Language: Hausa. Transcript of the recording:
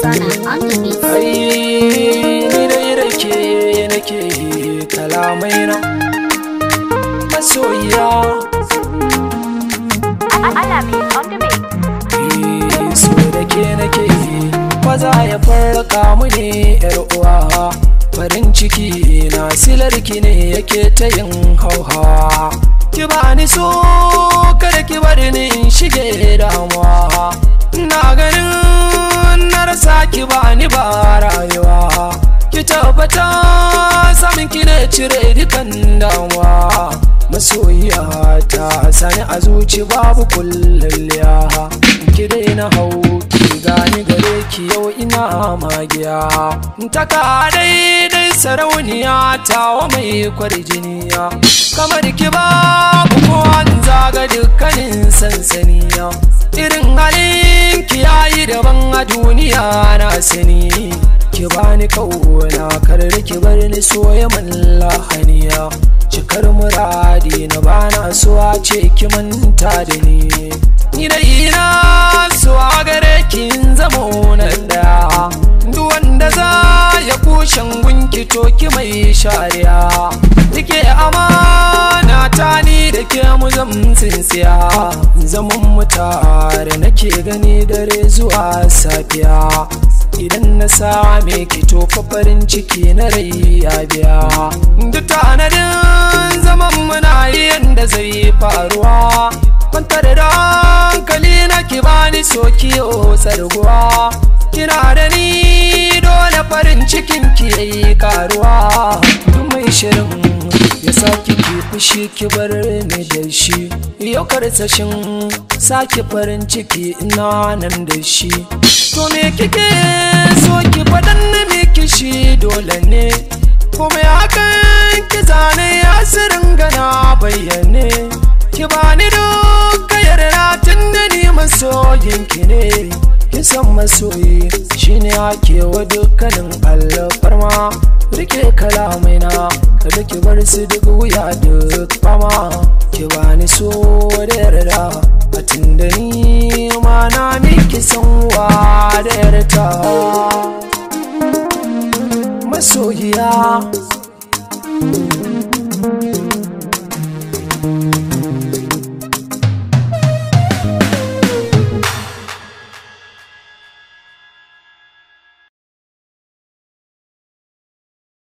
Sana on the beat. Ai, ni dai rake nake kalamai na masoyiya. Alami on the beat. Eh, so da ke nake za ya farraka mu ne yar uwa. Farin ciki na ki ne yake ta yin hauhawa. Ki ba ni so kada ki bari ni in shige damuwa. ni ba rayuwa ki tabbata samin ki ne cire dukan damuwa masoyiya ta sani a zuci babu kullalliya ki daina hau ki gani gare ki yau ina magiya ta ka daidai sarauniya ta wa mai kwarjiniya kamar ki babu kowa duniya na sani ki bani kauna kar ki bar ni soya man lahaniya cikar muradi na bana suwa ce ki manta da ni zan tsinsiya zaman mutare nake gani dare zuwa safiya idan na same ki tofa farin ciki na rai ya biya duk tanadin zaman muna yi yanda zai faruwa kwantar da hankali na ki bani soki o tsarguwa kina da ni dole farin cikin ki yayi karuwa mai shirin ki sake ki fushi ki bar ni da shi yau karsashin sake farin ciki ina nan da shi to me kike so ki faɗan na me kishi dole ne kuma hakan ki zane sirin gana bayyane ki ni duk yarda tun da ni ki ne ki san masoyi ya ke wa dukkanin alfarma rike kalamai na kada ki bar su duk wuya duk fama ki bani so da yarda a tunda ni ma na miki sanwa da yarda masoyiya